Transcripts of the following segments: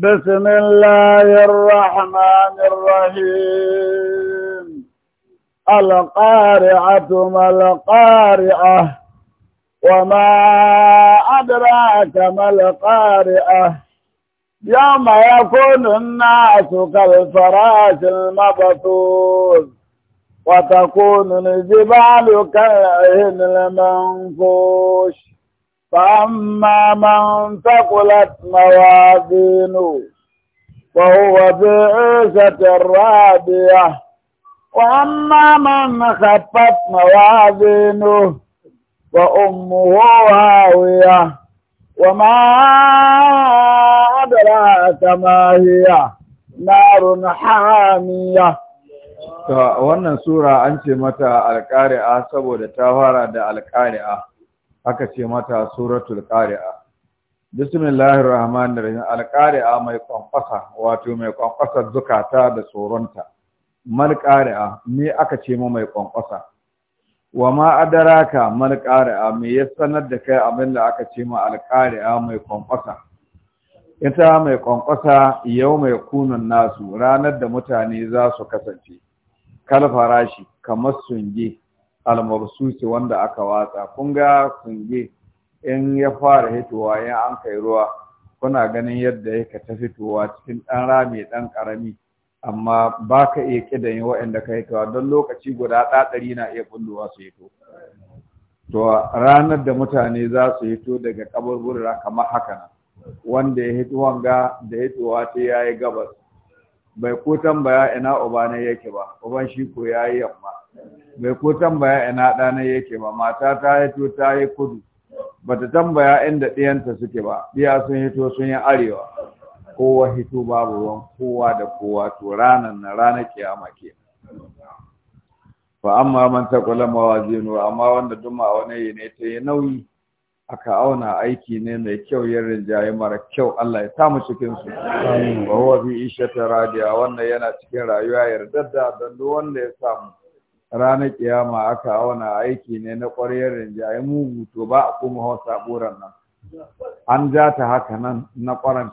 بسم الله الرحمن الرحيم القارعة ما القارعة وما أدراك ما القارعة يوم يكون الناس كالفراش المبثوث وتكون الجبال كالعهن المنفوش فأما من تقلت موازينه فهو في عيشة وأما من خفت موازينه فأمه هاوية وما أدراك ما هي نار حامية wannan sura an ce mata alƙari'a saboda ta fara da alƙari'a aka ce mata suratul qari'a bismillahir rahmanir rahim qaria mai kwankwasa wato mai kwankwasa zukata da tsoronta mal qari'a me aka ce mai kwankwasa wa ma adaraka mal qari'a me ya sanar da kai abin da aka ce ma qari'a mai kwankwasa ita mai kwankwasa yau mai kunun nasu ranar da mutane za su kasance kalfarashi farashi kamar sunge almarsusi wanda aka watsa kun ga kunge in ya fara hitowa ya an kai ruwa kuna ganin yadda yake ta fitowa cikin ɗan rami dan karami amma ba ka iya kidan waɗanda ka hitowa don lokaci guda ɗaɗari na iya bulluwa su hito to ranar da mutane za su hito daga kaburbura kamar haka nan wanda ya hito wanga da hitowa ta yayi gabas bai ko tambaya ina uba ne yake ba uban shi ko yayi yamma bai ko tambaya ina ɗana yake ba mata ta hito ta yi kudu ba ta tambaya inda ɗiyanta suke ba ɗiya sun hito sun yi arewa kowa hito babu ruwan kowa da kowa to ranar na rana kiyama ke Ba amma man kula mawazinu amma wanda duma wani ne ta yi nauyi aka auna aiki ne mai kyau yin rinjaye mara kyau Allah ya samu cikin su wa huwa bi ishata radiya wannan yana cikin rayuwa yardadda don duk wanda ya samu ranar kiyama aka auna aiki ne na ƙwaryar rinjaye mugu to ba a kuma hausa buran nan an ja ta haka nan na ƙwaran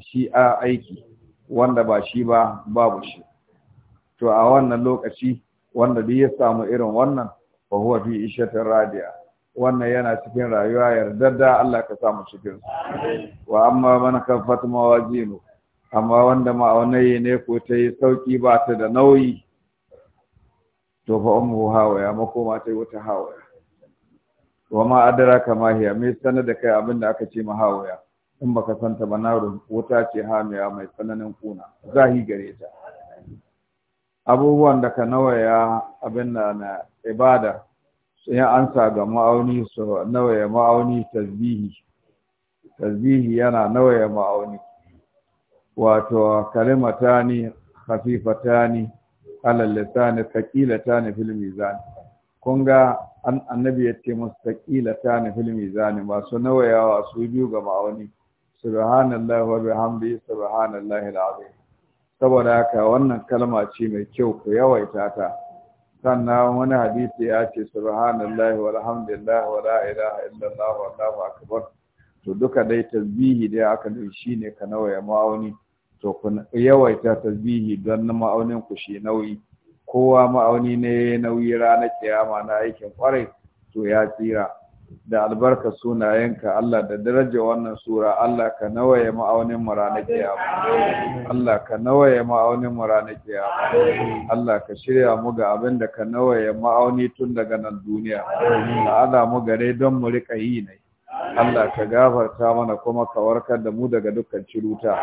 shi a aiki wanda ba shi ba babu shi to a wannan lokaci wanda duk ya samu irin wannan ba huwa fi ishatin radiya wannan yana cikin rayuwa yardadda Allah ka samu cikin wa amma man kaffat mawazinu amma wanda ma'aunai ne ko ta yi sauki ba ta da nauyi to fa ummu hawaya makoma ta wata hawaya wa ma adraka ma hiya me sanar da kai abin da aka ce ma hawaya in baka santa ba narun wuta ce hamiya mai tsananin kuna zahi gare ta abubuwan da ka nawaya abin da na ibada sai an sa ga ma'auni su nawaya ma'auni tasbihi tasbihi yana nawaya ma'auni wato kalimatani khafifatani alal lisani thaqilatan fil mizan kun ga annabi ya ce musu thaqilatan fil mizan masu nawayawa su biyu ga ma'auni subhanallahi wa bihamdihi subhanallahi alazim saboda haka wannan kalma ce mai kyau ku yawaita ta sannan wani hadisi ya ce subhanallahi walhamdulillahi wala ilaha illallah wallahu akbar to duka dai tasbihi dai aka dai shine ka nawaya ma'auni to ku yawaita tasbihi don ma'aunin ku shi nauyi kowa ma'auni ne nauyi ranar kiyama na aikin kwarai to ya tsira da albarka sunayenka Allah da daraja wannan sura Allah ka nawaye ma'aunin mu ranar kiyama Allah ka nawaye ma'aunin mu ranar kiyama Allah ka shirya mu ga abin da ka nawaye ma'auni tun daga nan duniya A ala mu gare don mu rika yi ne Allah ka gafarta mana kuma ka warkar da mu daga dukkan ciruta